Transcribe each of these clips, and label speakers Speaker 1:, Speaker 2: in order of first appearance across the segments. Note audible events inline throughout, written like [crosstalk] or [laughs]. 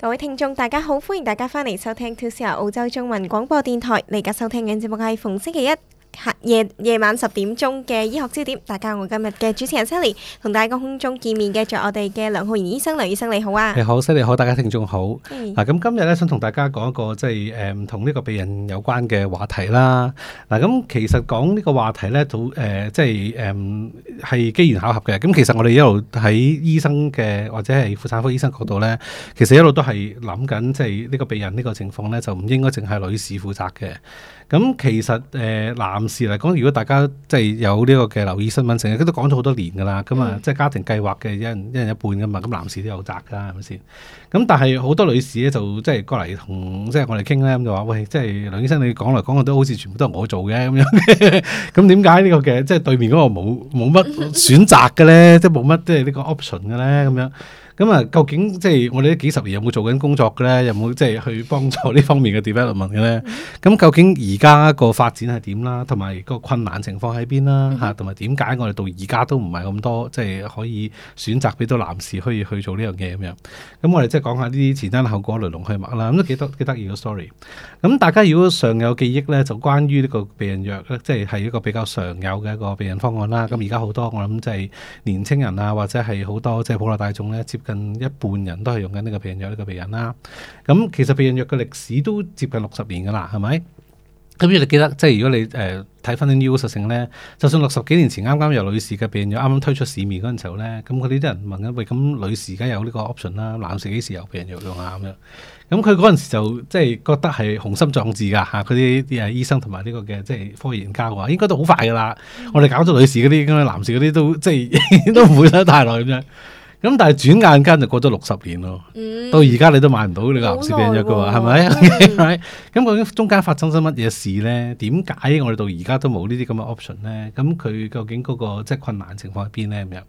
Speaker 1: 各位聽眾，大家好，歡迎大家翻嚟收聽 To Sir 澳洲中文廣播電台。你而家收聽嘅節目係逢星期一。夜夜晚十點鐘嘅醫學焦點，大家我今日嘅主持人 Sally 同大家空中見面嘅，繼續我哋嘅梁浩然醫生，梁醫生你好啊！你好，Sally 好，大家聽眾好。嗱、嗯，咁、啊、今日咧想同大家講一個即係誒唔同呢個避孕有關嘅話題啦。嗱、啊，咁其實講呢個話題咧，都誒即係誒係機緣巧合嘅。咁其實我哋一路喺醫生嘅或者係婦產科醫生角度咧，其實一路都係諗緊即係呢個避孕呢個情況咧，就唔應該淨係女士負責嘅。咁、啊、其實誒、呃、男男士嚟講，如果大家即係有呢個嘅留意新聞成日，都講咗好多年噶啦，咁啊、嗯，即係家庭計劃嘅一人一人一半噶嘛，咁男士都有責噶，係咪先？咁但係好多女士咧，就即係過嚟同即係我哋傾咧，咁就話喂，即係梁醫生你講嚟講去都好似全部都係我做嘅咁樣，咁點解呢個嘅即係對面嗰個冇冇乜選擇嘅咧？ [laughs] 即係冇乜即係呢個 option 嘅咧咁樣？咁啊，究竟即係我哋呢幾十年有冇做緊工作嘅咧？有冇即係去幫助呢方面嘅 development 嘅咧？咁究竟而家個發展係點啦？同埋個困難情況喺邊啦？嚇，同埋點解我哋到而家都唔係咁多，即係可以選擇俾到男士可以去做呢樣嘢咁樣？咁我哋即係講下呢啲前因後果來龍去脈啦。咁都幾多幾得意嘅 story。咁大家如果尚有記憶咧，就關於呢個避孕藥，即係係一個比較常有嘅一個避孕方案啦。咁而家好多我諗即係年青人啊，或者係好多即係普羅大眾咧近一半人都係用緊呢個避孕藥呢個避孕啦，咁其實避孕藥嘅歷史都接近六十年噶啦，係咪？咁你記得，即係如果你誒睇翻啲 usage 咧，就算六十幾年前啱啱由女士嘅避孕藥啱啱推出市面嗰陣時候咧，咁佢啲人問緊喂，咁女士而、啊啊啊這個、家有呢個 option 啦，男士幾時有避孕藥用啊？咁樣，咁佢嗰陣時就即係覺得係雄心壯志噶吓，啲啲醫生同埋呢個嘅即係科研家嘅話，應該都好快噶啦，我哋搞咗女士嗰啲，咁啊男士嗰啲都即係都唔會等太耐咁樣。咁、嗯、但係轉眼間就過咗六十年咯，嗯、到而家你都買唔到你個癌 C 病藥嘅喎，係咪？咁究竟中間發生咗乜嘢事咧？點解我哋到而家都冇呢啲咁嘅 option 咧？咁佢究竟嗰、那個即係、就是、困難情況喺邊咧？咁樣，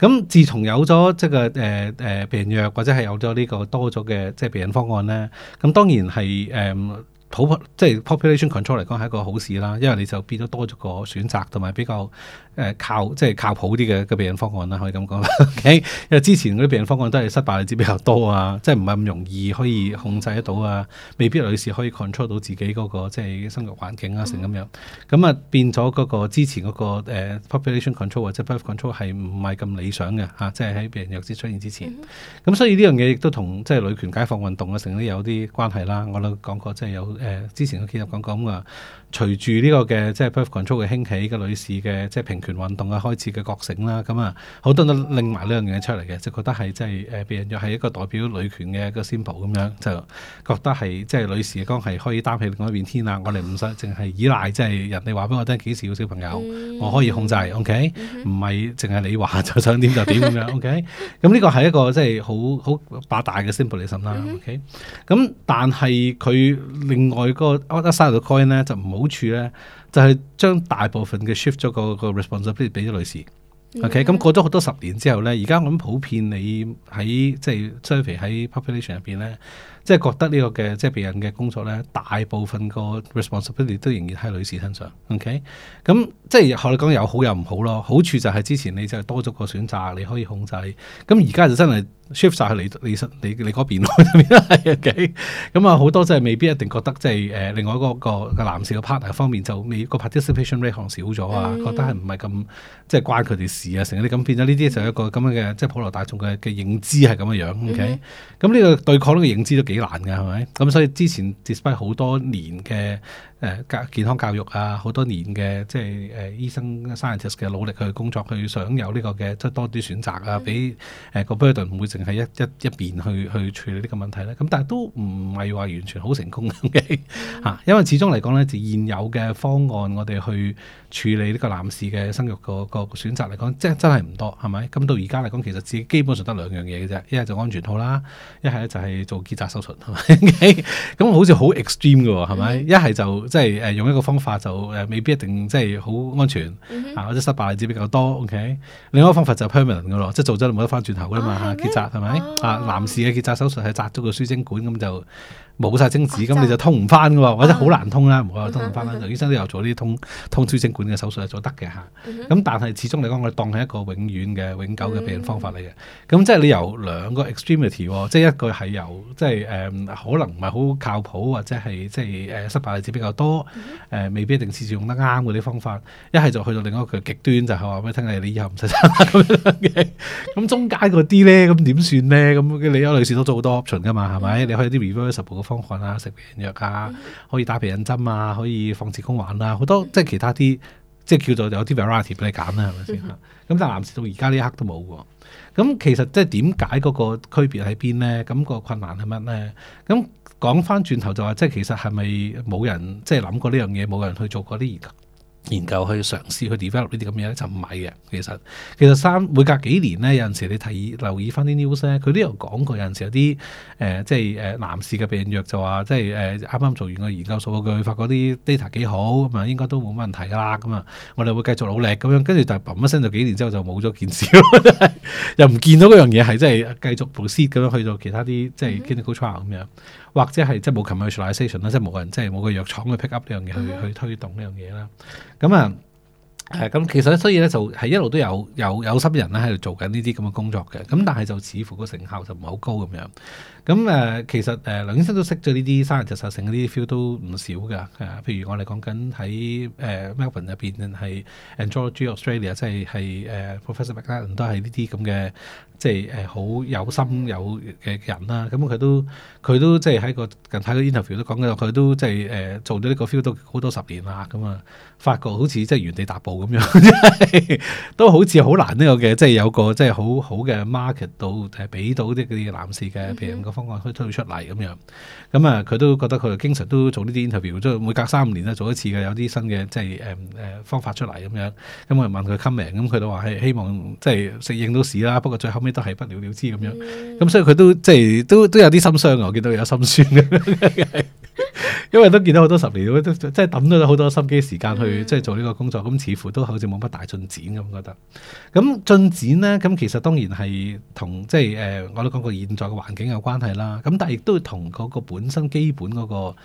Speaker 1: 咁自從有咗即係誒誒病藥，或者係有咗呢個多咗嘅即係病人方案咧，咁當然係誒。呃普普即係 population control 嚟講係一個好事啦，因為你就變咗多咗個選擇，同埋比較誒靠即係靠譜啲嘅嘅避孕方案啦，可以咁講。 [laughs] [laughs] 因為之前嗰啲避孕方案都係失敗率比較多啊，即係唔係咁容易可以控制得到啊，未必女士可以 control 到自己嗰、那個即係生育環境啊，成咁樣。咁啊、嗯、變咗嗰個之前嗰個 population control 或者 birth control 係唔係咁理想嘅嚇、啊，即係喺避孕藥劑出現之前。咁、嗯、所以呢樣嘢亦都同即係女權解放運動啊，成都有啲關係啦。我都講過即係有。誒，之前佢其實講講過。隨住呢個嘅即係 birth control 嘅興起，個女士嘅即係平權運動嘅開始嘅覺醒啦，咁啊好多人都拎埋呢樣嘢出嚟嘅，就覺得係即係誒，別樣就係一個代表女權嘅個 symbol 咁樣，就覺得係即係女士嘅講係可以擔起另外一邊天啊！我哋唔使淨係依賴，即係人哋話俾我聽幾時要小朋友，嗯、我可以控制，OK？唔係淨係你話就想點就點咁樣，OK？咁呢、嗯哼嗯、個係一個即係好好霸大嘅、okay? symbol 嚟㗎啦，OK？咁但係佢另外嗰個 side of coin 咧就唔好。好處咧就係將大部分嘅 shift 咗個個 responsibility 俾咗女士，OK？咁過咗好多十年之後咧，而家我諗普遍你，你喺即係 survey 喺 population 入邊咧。即係覺得呢、這個嘅即係避孕嘅工作咧，大部分個 responsibility 都仍然喺女士身上。OK，咁、嗯、即係學你講有好有唔好咯。好處就係之前你就多咗個選擇，你可以控制。咁而家就真係 shift 曬去你你你你嗰邊咯。咁啊好多即係未必一定覺得即係誒、呃、另外一個嘅男士嘅 partner 方面就未個 participation rate 項少咗啊，覺得係唔係咁即係關佢哋事啊？成日你咁變咗呢啲就一個咁樣嘅即係普羅大眾嘅嘅認知係咁嘅樣。OK，咁呢、嗯嗯、個對抗呢個認知都幾幾難噶，係咪？咁所以之前 display 好多年嘅。誒健康教育啊，好多年嘅即係誒醫生 scientist 嘅努力去工作，去想有呢個嘅即係多啲選擇啊，俾誒個 burden 唔會淨係一一一邊去去處理呢個問題咧。咁但係都唔係話完全好成功嘅嚇，因為始終嚟講咧，就現有嘅方案，我哋去處理呢個男士嘅生育個個選擇嚟講，即真真係唔多係咪？咁到而家嚟講，其實自己基本上得兩樣嘢嘅啫，一係就安全套啦，一係咧就係做結紮手術，係咪？咁 [laughs] 好似好 extreme 嘅係咪？一係就。即係誒用一個方法就誒未必一定即係好安全啊，或者失敗例子比較多。OK，另一個方法就 permanent 嘅咯，即係做咗冇得翻轉頭嘅嘛嚇。結扎係咪啊？男士嘅結紮手術，係紮咗個輸精管，咁就冇晒精子，咁你就通唔翻嘅喎，或者好難通啦，唔會話通唔翻啦。梁醫生都有做呢啲通通輸精管嘅手術，係做得嘅嚇。咁但係始終嚟講，我當係一個永遠嘅永久嘅避孕方法嚟嘅。咁即係你由兩個 extremity，即係一個係由即係誒可能唔係好靠譜或者係即係誒失敗例子比較多。誒、嗯呃，未必一定次次用得啱嗰啲方法，一係就去到另一個極端，就係話俾你聽你你以後唔使賺。咁中間嗰啲咧，咁點算咧？咁你有女士都做好多 option 噶嘛，係咪？嗯、你可以啲 reversible 嘅方法啊，食避孕藥啊，嗯、可以打避孕針啊，可以放置宮環啊，好多即係、嗯嗯、其他啲，即係叫做有啲 variety 俾你揀啦，係咪先？咁但係男士到而家呢一刻都冇喎。咁其實即係點解嗰個區別喺邊咧？咁、個困難係乜咧？咁、個講翻轉頭就話，即係其實係咪冇人即係諗過呢樣嘢，冇人去做過啲研，研究去嘗試去 develop 呢啲咁嘢咧，就唔係嘅。其實其實三每隔幾年咧，有陣時你睇留意翻啲 news 咧，佢都有講過。有陣時有啲誒、呃，即係誒、呃，男士嘅病藥就話，即係誒，啱、呃、啱做完個研究數，佢發覺啲 data 幾好，咁啊應該都冇乜問題噶啦，咁啊我哋會繼續努力咁樣，跟住但係嘭一聲就幾年之後就冇咗件事， [laughs] 又唔見到嗰樣嘢係即係繼續 proceed 咁樣去做其他啲即係 clinical trial 咁樣。Mm hmm. 或者係即係冇 commercialization 啦，即係冇人即係冇個藥廠去 pick up 呢樣嘢去去推動呢樣嘢啦。咁、嗯、啊，係、嗯、咁、嗯、其實所以咧就係、是、一路都有有有心人咧喺度做緊呢啲咁嘅工作嘅。咁、嗯、但係就似乎個成效就唔係好高咁樣。咁、嗯、誒、嗯、其實誒、呃、梁醫生都識咗呢啲 science 嗰啲 feel 都唔少㗎。譬、嗯、如我哋講緊喺誒 Melbourne 入邊係 Andrology Australia，即係係誒 Professor Mac 都係呢啲咁嘅。即係誒好有心有嘅人啦，咁、嗯、佢、嗯、都佢都即係喺個近排個 interview 都講嘅，佢都即係誒做咗呢個 feel 都好多十年啦，咁、嗯、啊發覺好似即係原地踏步咁樣， [laughs] 都好似好難呢個嘅，即係有個即係好好嘅 market 到誒俾到啲啲男士嘅病人個方案可以出出嚟咁樣。咁啊佢都覺得佢經常都做呢啲 interview，即係每隔三五年咧做一次嘅，有啲新嘅即係誒誒方法出嚟咁樣。咁、嗯、我問佢 comme、嗯、nt 咁佢都話係希望即係適應到市啦。不過最後，咩都係不了了之咁樣，咁所以佢都即係都都有啲心傷，我見到有心酸嘅， [laughs] 因為都見到好多十年都即係抌咗好多心機時間去即係做呢個工作，咁似乎都好似冇乜大進展咁覺得。咁進展呢？咁其實當然係同即係誒，我都講過現在嘅環境有關係啦。咁但係亦都同嗰個本身基本嗰個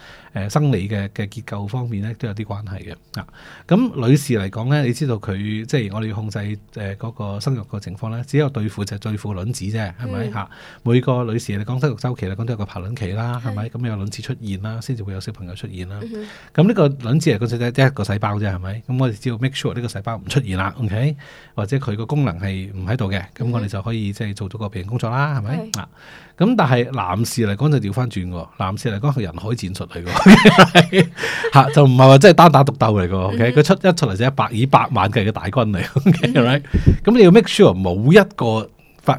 Speaker 1: 誒生理嘅嘅結構方面咧都有啲關係嘅。啊，咁女士嚟講咧，你知道佢即係我哋要控制誒嗰個生育嘅情況咧，只有對付者、就是。對付卵子啫，係咪吓？每個女士嚟講都有個周期啦，咁都有個排卵期啦，係咪？咁有卵子出現啦，先至會有小朋友出現啦。咁呢、嗯哼嗯這個卵子係嗰隻一一個細胞啫，係咪？咁我哋只要 make sure 呢個細胞唔出現啦，OK？或者佢個功能係唔喺度嘅，咁我哋就可以即係、就是、做咗個平衡工作啦，係咪啊？咁但係男士嚟講就調翻轉喎，男士嚟講係人海戰術嚟嘅，吓 [laughs] [laughs] 就唔係話即係單打獨鬥嚟嘅，OK？佢出一出嚟就一百以百萬計嘅大軍嚟，OK？咁你要 make sure 冇一個。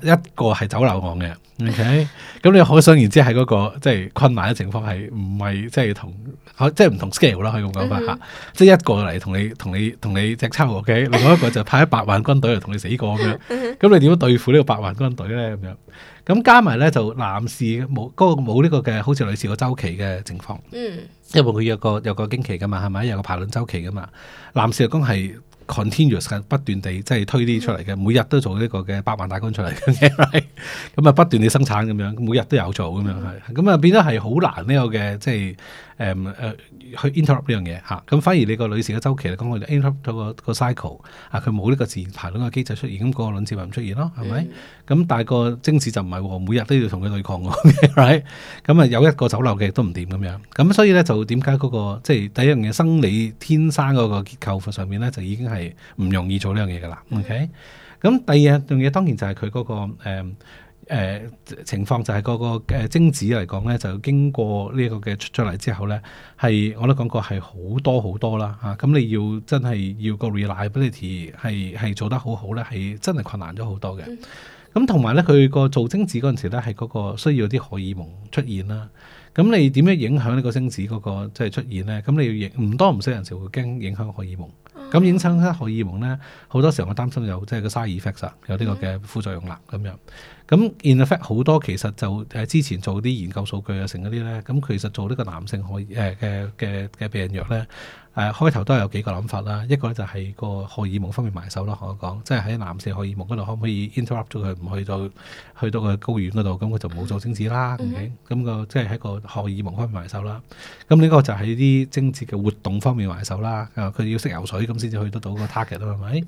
Speaker 1: 一個係走樓案嘅，OK，咁你可想而知喺嗰、嗰個即係困難嘅情況係唔係即係同即係唔同 scale 啦，可以咁講法，吓、mm，hmm. 即係一個嚟同你同你同你隻抄，OK，另外一個就派一百萬軍隊嚟同你死過咁樣，咁 [laughs] 你點樣對付呢個百萬軍隊咧咁樣？咁加埋咧就男士冇個冇呢個嘅，好似女士個周期嘅情況，嗯、mm，hmm. 因為佢有個有個經期噶嘛，係咪有個排卵周期噶嘛？男士嚟工係。Continuous 係不斷地即係推啲出嚟嘅，每日都做呢個嘅百萬大軍出嚟嘅，咁啊不斷地生產咁樣，每日都有做咁樣係，咁啊、嗯嗯、變咗係好難呢個嘅即係誒誒去 interrupt 呢樣嘢嚇。咁反而你個女士嘅周期咧，講我佢 interrupt 咗個個 cycle 啊，佢冇呢個自然排卵嘅機制出現，咁、個卵子咪唔出現咯，係咪？咁、嗯嗯、但係個精子就唔係，每日都要同佢對抗嘅，咁、嗯、啊、right? 嗯、有一個走漏嘅都唔掂咁樣。咁、嗯、所以咧就點解嗰個即係第一樣嘢生理天生嗰個結構上面咧就已經係。唔容易做呢樣嘢噶啦。OK，咁、嗯、第二樣嘢，當然就係佢嗰個誒誒、呃呃、情況，就係嗰個嘅精子嚟講咧，就經過呢個嘅出出嚟之後咧，係我都講過係好多好多啦吓。咁、啊、你要真係要個 reliability 係係做得好好咧，係真係困難咗好多嘅。咁同埋咧，佢個做精子嗰陣時咧，係嗰個需要啲荷爾蒙出現啦。咁你點樣影響呢個精子嗰個即係出現咧？咁你要影唔多唔少，人就會驚影響荷爾蒙。咁影響荷爾蒙呢，好多時候我擔心有即係個 side effects 啊，有呢個嘅副作用啦咁樣。咁 in effect 好多其實就誒之前做啲研究數據啊，成嗰啲咧，咁其實做呢個男性荷誒嘅嘅嘅避孕藥咧，誒、啊、開頭都係有幾個諗法啦。一個咧就係個荷爾蒙方面埋手啦，我講即係喺男性荷爾蒙嗰度可唔可以 interrupt 咗佢，唔去到去到個睾丸嗰度，咁佢就冇做精子啦。咁、okay? 個即係喺個荷爾蒙方面埋手啦。咁呢個就喺啲精子嘅活動方面埋手啦。啊，佢要識游水咁先至去得到個 target 啦，係咪？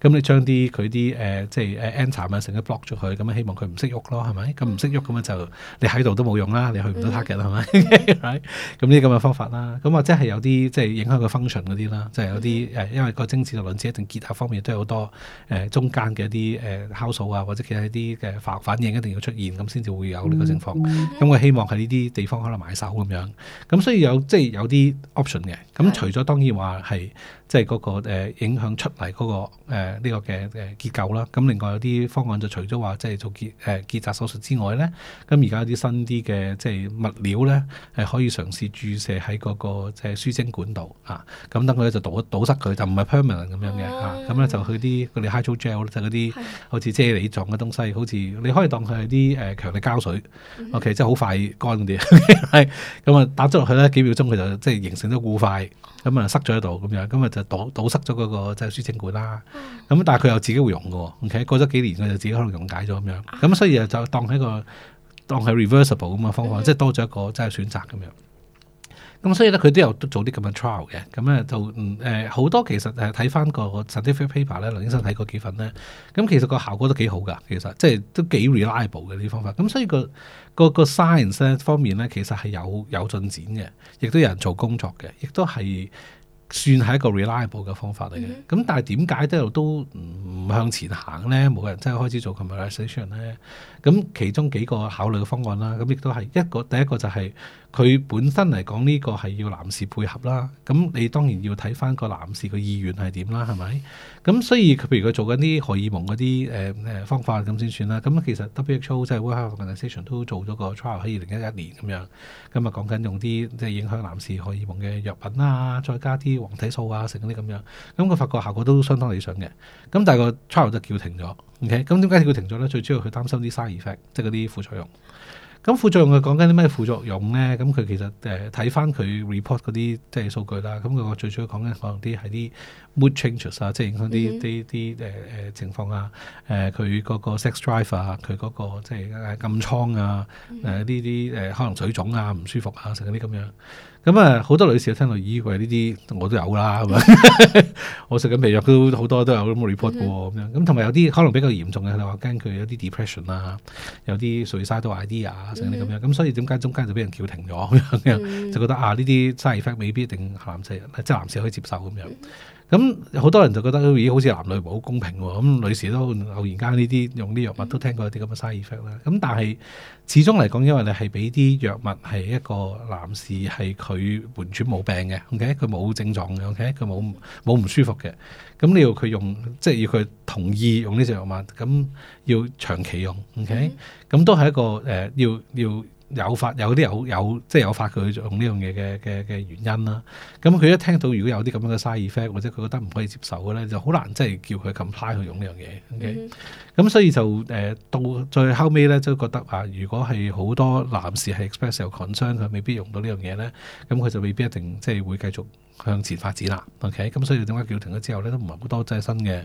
Speaker 1: 咁你將啲佢啲誒即係誒 antab 啊，成日 block 咗佢，咁希望佢。唔識喐咯，係咪？咁唔識喐咁啊，就你喺度都冇用啦，你去唔到黑嘅啦，係咪？咁呢啲咁嘅方法啦，咁或者係有啲即係影響個 function 嗰啲啦，即係有啲誒，因為個精子同卵子一定結合方面都係好多誒中間嘅一啲誒酵素啊，或者其他一啲嘅化學反應一定要出現咁先至會有呢個情況。咁我希望喺呢啲地方可能買手咁樣，咁所以有即係有啲 option 嘅。咁除咗當然話係即係嗰個誒影響出嚟嗰個誒呢個嘅誒結構啦。咁另外有啲方案就除咗話即係做結誒結紮手術之外咧，咁而家有啲新啲嘅即係物料咧，係可以嘗試注射喺嗰個即係輸精管度啊，咁等佢就堵堵塞佢，就唔係 permanent 咁樣嘅嚇，咁、啊、咧就佢啲佢哋 hydrogel 就嗰啲好似啫喱狀嘅東西，的好似你可以當佢係啲誒強力膠水、mm hmm.，OK，即係好快乾啲，係咁啊打咗落去咧幾秒鐘佢就即係形成咗固塊，咁啊塞咗喺度咁樣，咁啊就堵堵塞咗嗰個即係輸精管啦，咁、啊、但係佢又自己會溶嘅，OK，過咗幾年佢就自己可能溶解咗咁樣。咁、嗯、所以就當係一個當係 reversible 咁嘅方法，mm hmm. 即係多咗一個即係選擇咁樣，咁、嗯、所以咧，佢都有做啲咁嘅 trial 嘅。咁咧就嗯誒好、呃、多其實誒睇翻個 scientific paper 咧，梁醫生睇過幾份咧。咁、嗯、其實個效果都幾好噶，其實即係都幾 reliable 嘅呢啲方法。咁、嗯、所以、個、個、個 science 咧方面咧，其實係有有進展嘅，亦都有人做工作嘅，亦都係算係一個 reliable 嘅方法嚟嘅。咁、mm hmm. 但係點解都有都？向前行咧，冇人真係開始做個 modernisation 咧。咁其中幾個考慮嘅方案啦，咁亦都係一個第一個就係佢本身嚟講呢個係要男士配合啦。咁你當然要睇翻個男士個意願係點啦，係咪？咁所以佢譬如佢做緊啲荷爾蒙嗰啲誒誒方法咁先算啦。咁其實 WHO 即係 World Health Organisation 都做咗個 trial 喺二零一一年咁樣，咁啊講緊用啲即係影響男士荷爾蒙嘅藥品啦、啊，再加啲黃體素啊，食嗰啲咁樣。咁佢發覺效果都相當理想嘅。咁但係個 trial 就叫停咗，OK？咁點解叫停咗咧？最主要佢擔心啲 side effect 即係嗰啲副作用。咁副作用佢講緊啲咩副作用咧？咁佢其實誒睇、呃、翻佢 report 嗰啲即係數據啦。咁佢最主要講緊可能啲係啲 mood changes 啊，即係影響啲啲啲誒誒情況啊。誒佢嗰個 sex drive 啊，佢嗰、嗰個即係暗瘡啊。誒呢啲誒可能水腫啊，唔舒服啊，成啲咁樣。咁啊、嗯，好多女士都聽落，以為呢啲我都有啦。 [laughs] 我食緊藥都好多都有咁嘅 report 過咁樣。咁同埋有啲可能比較嚴重嘅，佢話驚佢有啲 depression 啦，有啲 suicidal idea 成咁樣。咁、mm hmm. 嗯、所以點解中間就俾人叫停咗咁樣？Mm hmm. 就覺得啊，呢啲 side effect 未必一定男仔即係男士可以接受咁樣。咁好多人就覺得咦，好似男女冇公平喎。咁女士都偶然間呢啲用啲藥物都聽過有啲咁嘅 side effect 啦。咁但係始終嚟講，因為你係俾啲藥物係一個男士係佢完全冇病嘅，OK，佢冇症狀嘅，OK，佢冇冇唔舒服嘅。咁你要佢用，即係要佢同意用呢隻藥物，咁要長期用，OK，咁、mm hmm. 都係一個誒、呃，要要。有法有啲人有，有即係有法佢去用呢樣嘢嘅嘅嘅原因啦，咁佢一聽到如果有啲咁樣嘅 side effect 或者佢覺得唔可以接受嘅咧，就好難即係叫佢 comply 去用呢樣嘢。咁、okay? 嗯、哼所以就誒到最後尾咧，都覺得啊，如果係好多男士係 express 有 concern，佢未必用到呢樣嘢咧，咁佢就未必一定即係、就是、會繼續向前發展啦。OK，咁所以點解叫停咗之後咧，都唔係好多即係新嘅。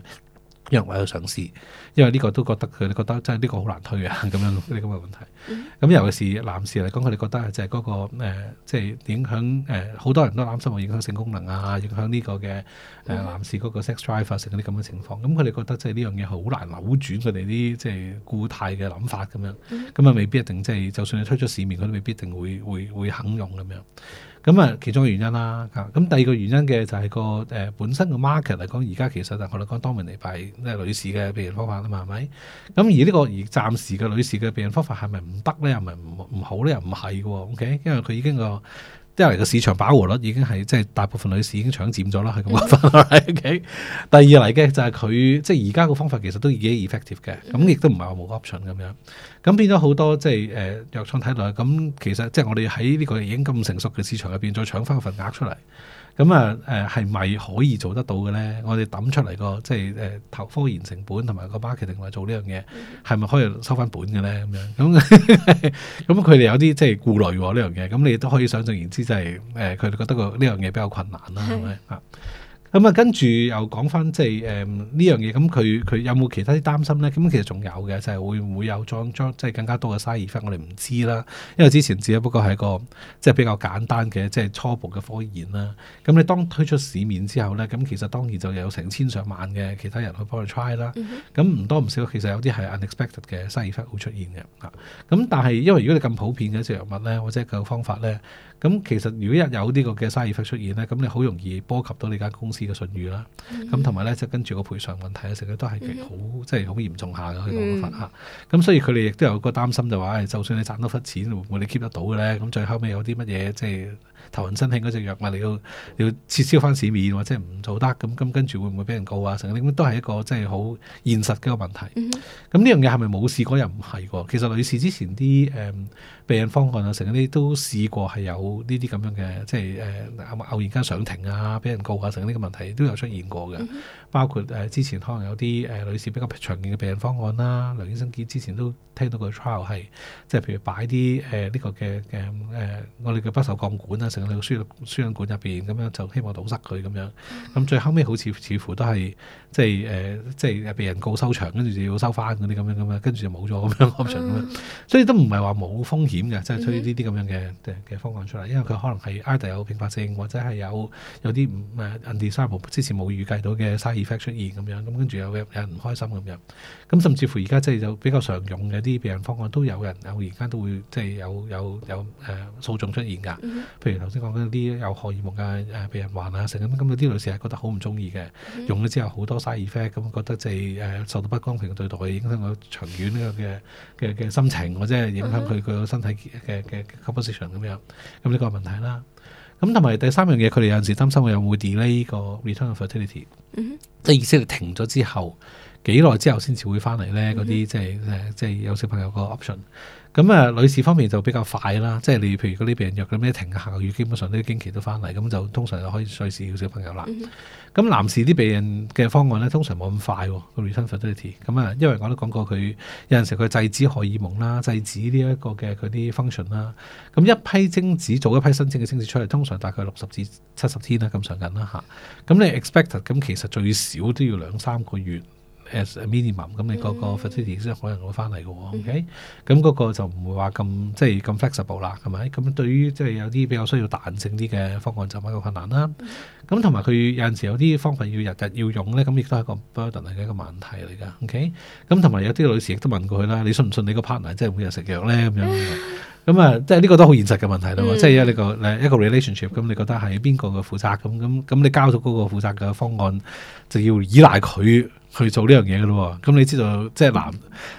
Speaker 1: 因為唔喺嘗試，因為呢個都覺得佢哋覺得真係呢個好難推啊，咁樣啲咁嘅問題。咁 [laughs] 尤其是男士嚟講，咁佢哋覺得就係嗰、那個誒，即、呃、係、就是、影響誒，好、呃、多人都擔心會影響性功能啊，影響呢個嘅誒，呃、 [laughs] 男士嗰個 sex drive 啊，成啲咁嘅情況。咁佢哋覺得即係呢樣嘢好難扭轉佢哋啲即係固態嘅諗法咁樣。咁啊，未必一定即係、就是，就算你推出市面，佢都未必一定會會會肯用咁樣。咁啊，其中嘅原因啦，咁、嗯、第二個原因嘅就係個誒、呃、本身個 market 嚟講，而家其實就我哋講當年嚟拜即係女士嘅避孕方法啊嘛，係咪？咁、嗯、而呢個而暫時嘅女士嘅避孕方法係咪唔得咧？又咪唔唔好咧？又唔係嘅，OK，因為佢已經個。一嚟個市場飽和率已經係即係大部分女士已經搶佔咗啦，係咁嘅分。第二嚟嘅就係佢即係而家個方法其實都已經 effective 嘅，咁亦都唔係話冇 option 咁樣。咁變咗好多即係誒、呃、藥廠睇來，咁其實即係我哋喺呢個已經咁成熟嘅市場入邊，再搶翻個份額出嚟。咁啊，誒係咪可以做得到嘅咧？我哋抌出嚟個即係誒、呃、投科研成本同埋個 market 嚟做呢樣嘢，係咪、嗯、可以收翻本嘅咧？咁樣咁咁，佢哋有啲即係顧慮喎呢樣嘢，咁你都可以想盡言之想像而知，就係誒佢哋覺得個呢樣嘢比較困難啦，係咪啊？是咁啊、嗯，跟住又講翻即係誒呢樣嘢，咁佢佢有冇其他啲擔心呢？咁其實仲有嘅，就係、是、會唔會有裝裝即係更加多嘅 side effect，我哋唔知啦。因為之前只不過係一個即係比較簡單嘅即係初步嘅科研啦。咁你當推出市面之後呢，咁其實當然就有成千上萬嘅其他人去幫佢 try 啦。咁唔、嗯、哼多唔少，其實有啲係 unexpected 嘅 side effect 會出現嘅。嚇、嗯！咁但係因為如果你咁普遍嘅藥物呢，或者嘅方法呢。咁其實如果一有呢個嘅生意忽出現咧，咁你好容易波及到你間公司嘅信譽啦。咁同埋咧，即係跟住個賠償問題啊，成日都係好即係好嚴重下嘅嗰種講法啊。咁所以佢哋亦都有個擔心就話，就算你賺多筆錢，會唔會你 keep 得到嘅咧？咁最後尾有啲乜嘢即係頭暈身慶嗰隻藥物嚟到，你要，你要撤銷翻市面或者唔做得咁咁，跟住會唔會俾人告啊？成日都係一個即係好現實嘅問題。咁呢、嗯嗯、樣嘢係咪冇試過又唔係喎？其實女士之前啲誒病人方案啊，成日啲都試過係有。呢啲咁樣嘅，即係誒、呃，偶然間上庭啊，俾人告下、啊，成呢個問題都有出現過嘅。嗯包括誒、呃、之前可能有啲誒類似比較常見嘅病人方案啦，梁醫生之前都聽到個 trial 係即係譬如擺啲誒呢個嘅嘅誒我哋嘅不鏽鋼管啊，成個輸輸卵管入邊咁樣，就希望堵塞佢咁樣。咁最後尾好似似乎都係即係誒、呃、即係畀人告收場，跟住就要收翻嗰啲咁樣咁樣，跟住就冇咗咁樣 option 咁樣，所以都唔係話冇風險嘅，即係推呢啲咁樣嘅嘅方案出嚟，因為佢可能係 idea 有併發症，或者係有有啲誒 u 之前冇預計到嘅出現咁樣，咁跟住有有人唔開心咁樣，咁甚至乎而家即係有比較常用嘅啲病人方案都有人有而家都會即係、就是、有有有誒、呃、訴訟出現噶。譬如頭先講嗰啲有荷爾蒙嘅誒病人患啊，成咁咁嗰啲女士係覺得好唔中意嘅，用咗之後好多嘥 ref 咁覺得即係誒受到不公平對待，影響我長遠呢個嘅嘅嘅心情，或者係影響佢佢個身體嘅嘅 composition 咁樣，咁呢個問題啦。咁同埋第三樣嘢，佢哋有陣時擔心，會有冇 delay 個 return of fertility，即係、嗯、哼意思係停咗之後。幾耐之後先至會翻嚟咧？嗰啲、mm hmm. 即係即係有小朋友個 option 咁啊、呃。女士方面就比較快啦，即係你譬如嗰啲避孕藥咁，一停下個月，基本上呢啲經期都翻嚟，咁就通常就可以隨時要小朋友啦。咁、mm hmm. 嗯、男士啲避孕嘅方案咧，通常冇咁快個 renewability 咁啊，因為我都講過佢有陣時佢制止荷爾蒙啦，制止呢一個嘅佢啲 function 啦。咁、嗯、一批精子做一批新鮮嘅精子出嚟，通常大概六十至七十天、啊、啦，咁長緊啦吓。咁你 expect 咁，其實最少都要兩三個月。As a minimum，咁、mm hmm. 你嗰個 facility 可能會翻嚟嘅，OK？咁嗰個就唔會話咁即係咁 flexible 啦，係、就、咪、是？咁對於即係有啲比較需要彈性啲嘅方案就比較困難啦。咁同埋佢有陣時有啲方法要日日要用咧，咁亦都係一個 burden 嘅一個問題嚟嘅，OK？咁同埋有啲女士亦都問過佢啦，你信唔信你個 partner 即係每日食藥咧咁樣？咁、 [laughs] 嗯、啊，即係呢個都好現實嘅問題啦，mm hmm. 即係而家一個 relationship，咁你覺得係邊個嘅負責？咁咁咁你交咗嗰個負責嘅方案就要依賴佢。去做呢樣嘢嘅咯，咁你知道即係男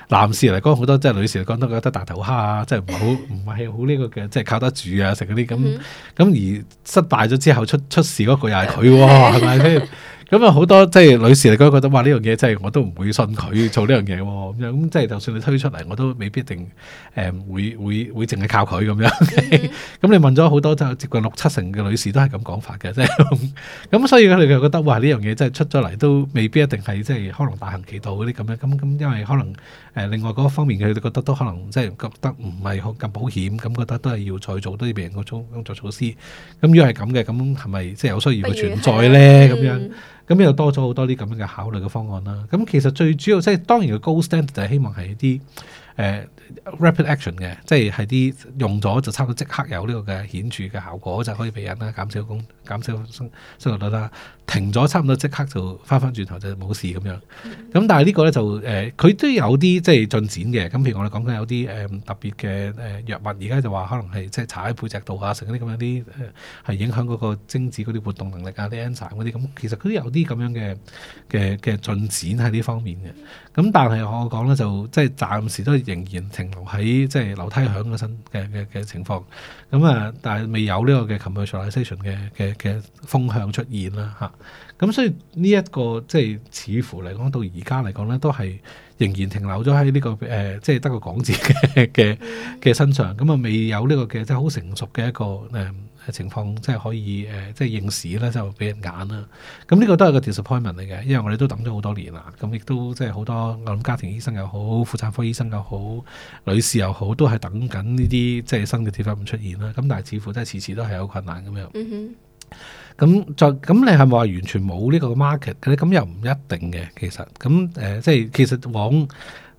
Speaker 1: 男士嚟講好多，即係女士嚟講都覺得大頭蝦啊、 [laughs] 這個，即係唔係好唔係好呢個嘅，即係靠得住啊，食嗰啲咁咁而失敗咗之後出出事嗰個又係佢喎，係咪？ [laughs] 咁啊，好多即係女士嚟講，覺得哇呢樣嘢真係我都唔會信佢做呢樣嘢喎咁樣，咁即係就算你推出嚟，我都未必一定誒、呃、會會會淨係靠佢咁樣。咁、mm hmm. [laughs] 你問咗好多，就接近六七成嘅女士都係咁講法嘅，即係咁。所以佢哋就覺得哇呢樣嘢真係出咗嚟都未必一定係即係可能大行其道嗰啲咁樣，咁咁因為可能。誒，另外嗰一方面佢哋覺得都可能即係覺得唔係好咁保險，咁覺得都係要再做多啲病個種工作措施。咁如果係咁嘅，咁係咪即係有需要嘅存在咧？咁、嗯、樣咁又多咗好多啲咁樣嘅考慮嘅方案啦。咁其實最主要即係當然嘅高 standard 就係希望係一啲。誒、uh, rapid action 嘅，即係係啲用咗就差唔多即刻有呢個嘅顯著嘅效果，就可以避孕啦減少工、減少生生育率啦。停咗差唔多即刻就翻返轉頭就冇事咁樣。咁但係呢個咧就誒，佢、呃、都有啲即係進展嘅。咁譬如我哋講緊有啲誒、嗯、特別嘅誒、呃、藥物，而家就話可能係即係搽喺背脊度啊，成啲咁樣啲係、呃、影響嗰個精子嗰啲活動能力啊、啲 enzyme 嗰啲咁。其實都有啲咁樣嘅嘅嘅進展喺呢方面嘅。咁但係我講咧就即係暫時都。嗯嗯仍然停留喺即係樓梯響嘅身嘅嘅嘅情況，咁、嗯、啊，但係未有呢個嘅 commercialization 嘅嘅嘅風向出現啦吓，咁、嗯、所以呢、這、一個即係似乎嚟講到而家嚟講咧，都係仍然停留咗喺呢個誒、呃、即係得個講字嘅嘅嘅身上，咁、嗯、啊未有呢、這個嘅即係好成熟嘅一個誒。嗯嘅情況即係可以誒、呃，即係應市咧就俾人揀啦。咁、嗯、呢、這個都係個 disappointment 嚟嘅，因為我哋都等咗好多年啦。咁、嗯、亦都即係好多我諗家庭醫生又好，婦產科醫生又好，女士又好，都係等緊呢啲即係新嘅治療唔出現啦。咁、嗯、但係似乎都係次次都係有困難咁樣。咁、mm hmm. 嗯、再咁、嗯，你係咪話完全冇呢個 market 咧？咁又唔一定嘅。其實咁誒、嗯呃，即係其實往。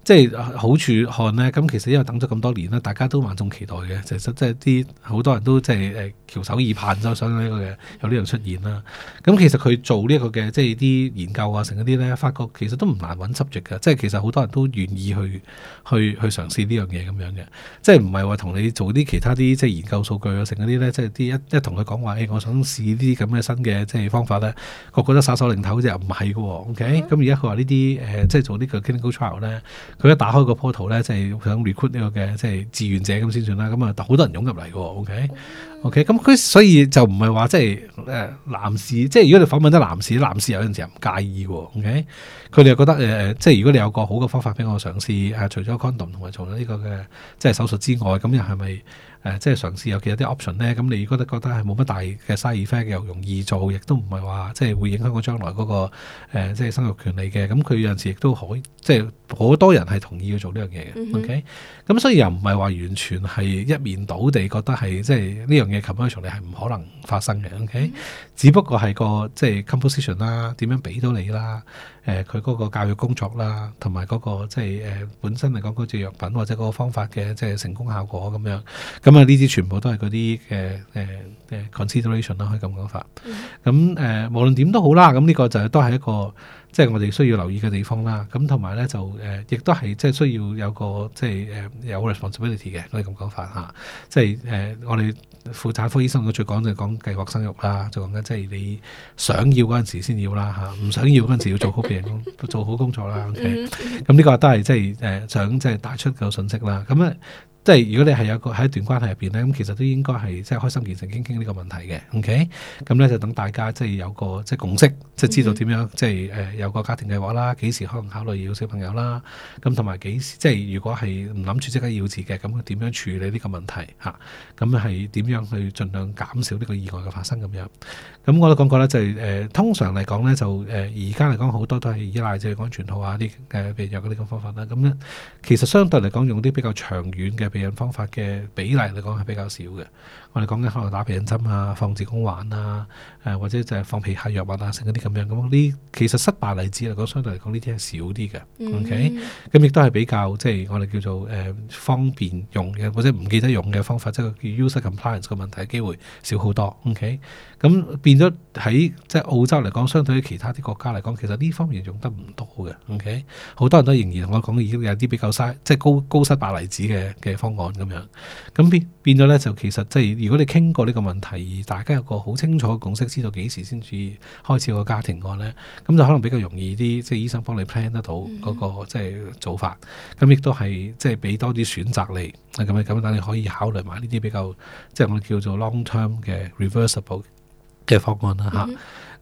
Speaker 1: 即係好處看咧，咁其實因為等咗咁多年啦，大家都萬眾期待嘅，其實即係啲好多人都即係誒翹首以盼咗，想呢個嘅有呢樣出現啦。咁其實佢做呢一個嘅即係啲研究啊，成嗰啲咧，發覺其實都唔難揾執着嘅，即係其實好多人都願意去去去嘗試呢樣嘢咁樣嘅，即係唔係話同你做啲其他啲即係研究數據啊，成嗰啲咧，即係啲一一同佢講話，誒我想試啲咁嘅新嘅即係方法咧，個個都耍手擰頭啫，唔係嘅，OK？咁而家佢話呢啲誒，即係做呢個 clinical trial 咧。佢一打開個 portal 咧，即係想 recruit 呢個嘅，即係志願者咁先算啦。咁啊，好多人湧入嚟嘅，OK，OK。咁、okay? 佢、okay? 所以就唔係話即係誒男士，即係如果你訪問啲男士，男士有陣時唔介意，OK？佢哋又覺得誒、呃，即係如果你有個好嘅方法俾我嘗試，誒、啊、除咗 condom 同埋做咗呢個嘅即係手術之外，咁又係咪？誒即係嘗試有幾有啲 option 咧，咁你如果都覺得係冇乜大嘅 side effect，又容易做，亦都唔係話即係會影響我將來嗰、那個、呃、即係生育權利嘅，咁佢有陣時亦都可，即係好多人係同意去做呢樣嘢嘅。嗯、哼 OK，咁所以又唔係話完全係一面倒地覺得係即係呢樣嘢，combination 係唔可能發生嘅。OK，嗯、哼只不過係個即係 composition 啦，點樣俾到你啦，誒佢嗰個教育工作啦，同埋嗰個即係誒、呃、本身嚟講嗰隻藥品或者嗰個方法嘅即係成功效果咁樣咁。呢啲全部都係嗰啲嘅嘅嘅 consideration 啦，可以咁講法。咁誒，uh, 無論點都好啦。咁呢個就都係一個，即係我哋需要留意嘅地方啦。咁同埋咧，就誒，亦、uh, 都係即係需要有個即係誒有 responsibility 嘅，可以咁講法嚇。即係誒，即係 uh, 我哋婦產科醫生我最講就係講計劃生育啦。就講緊即係你想要嗰陣時先要啦嚇，唔、啊、想要嗰陣時要做好病，做好工作啦。 [laughs] okay，咁呢個都係即係誒，即係 uh, 想即係、即係、帶出個信息啦。咁啊～即係如果你係有個喺一段關係入邊咧，咁其實都應該係即係開心見誠傾傾呢個問題嘅，OK？咁咧就等大家即係有個即係共識，即係知道點樣，即係誒、呃、有個家庭計劃啦，幾時可能考慮要小朋友啦，咁同埋幾時即係如果係唔諗住即刻要子嘅，咁點樣處理呢個問題嚇？咁係點樣去盡量減少呢個意外嘅發生咁樣？咁我都講過咧，就係、是、誒、呃、通常嚟講咧，就誒而家嚟講好多都係依賴即係安全套啊啲誒，譬如有嗰啲方法啦、啊。咁咧其實相對嚟講用啲比較長遠嘅。避孕方法嘅比例嚟講，係比較少嘅。我哋講緊可能打避孕針啊、放子宮環啊、誒或者就係放皮下藥物啊，成嗰啲咁樣。咁呢其實失敗例子嚟講，相對嚟講呢啲係少啲嘅。嗯、OK，咁亦都係比較即係我哋叫做誒方便用嘅，或者唔記得用嘅方法，即係叫 user compliance 嘅問題機會少好多。OK，咁、嗯、變咗喺即係澳洲嚟講，相對於其他啲國家嚟講，其實呢方面用得唔多嘅。OK，好多人都仍然同我講已經有啲比較嘥，即係高高失敗例子嘅嘅方案咁樣。咁變變咗咧，就其實即係。如果你傾過呢個問題，大家有個好清楚嘅共識，知道幾時先至開始個家庭案呢，咁就可能比較容易啲，即係醫生幫你 plan 得到嗰、嗰個即係、嗯、哼做法。咁亦都係即係俾多啲選擇你，係咁樣咁，等你可以考慮埋呢啲比較即係我哋叫做 long-term 嘅 reversible 嘅方案啦嚇。嗯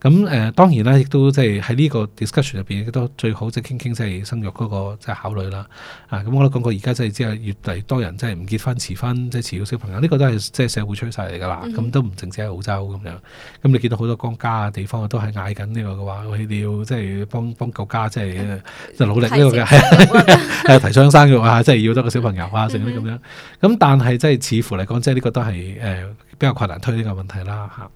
Speaker 1: 咁誒、嗯呃、當然啦，亦都即係喺呢個 discussion 入邊亦都最好即係傾傾即係生育嗰、那個即係、就是、考慮啦。啊，咁、嗯、我都講過而家即係之後越嚟越多人即係唔結婚遲婚即係遲咗小朋友，呢、這個都係即係社會趨勢嚟噶啦。咁、嗯嗯、都唔淨止喺澳洲咁樣。咁、嗯、你見到好多國家啊地方都係嗌緊呢個嘅話，我哋要即係幫幫國家即係努力呢個嘅，係提倡、嗯嗯、 [laughs] 生育啊，即、就、係、是、要多個小朋友啊，剩咁樣。咁但係即係似乎嚟講，即係呢個都係誒。呃比較困難推呢個問題啦嚇，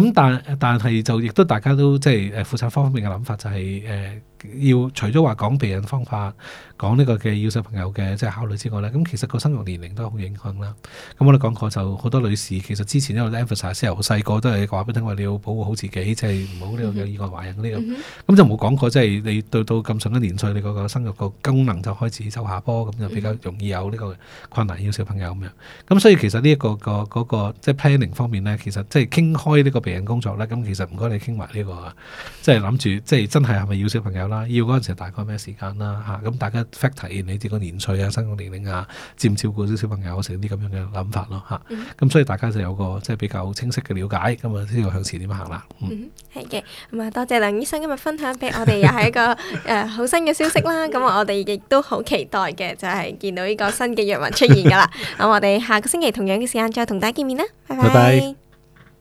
Speaker 1: 咁但但係就亦都大家都即係誒負責方面嘅諗法就係、是、誒。呃要除咗話講避孕方法，講呢個嘅要小朋友嘅即係考慮之外咧，咁其實個生育年齡都好影響啦。咁我哋講過就好多女士，其實之前呢個 emphasize 先由細個都係話俾你聽話，你要保護好自己，即係唔好呢個有意外懷孕呢啲咁。就冇講過即係你對到到咁上一年歲，你個個生育個功能就開始走下坡，咁就比較容易有呢個困難要小朋友咁樣。咁所以其實呢、這、一個、嗰個即係、嗰個就是、planning 方面咧，其實即係傾開呢個避孕工作咧。咁其實唔該你傾埋呢個，即係諗住即係真係係咪要小朋友？啦，要嗰陣時大概咩時間啦，吓，咁大家 factor 你自己個年歲啊、生育年齡啊，漸照顧啲小朋友成啲咁樣嘅諗法咯，吓，咁所以大家就有個即係比較清晰嘅了解，咁啊知道向前點行啦。嗯，係嘅，咁啊多謝梁醫生今日分享俾我哋，又係一個誒好新嘅消息啦。咁啊，我哋亦都好期待嘅，就係見到呢個新嘅藥物出現噶啦。咁我哋下個星期同樣嘅時間再同大家見面啦，拜拜。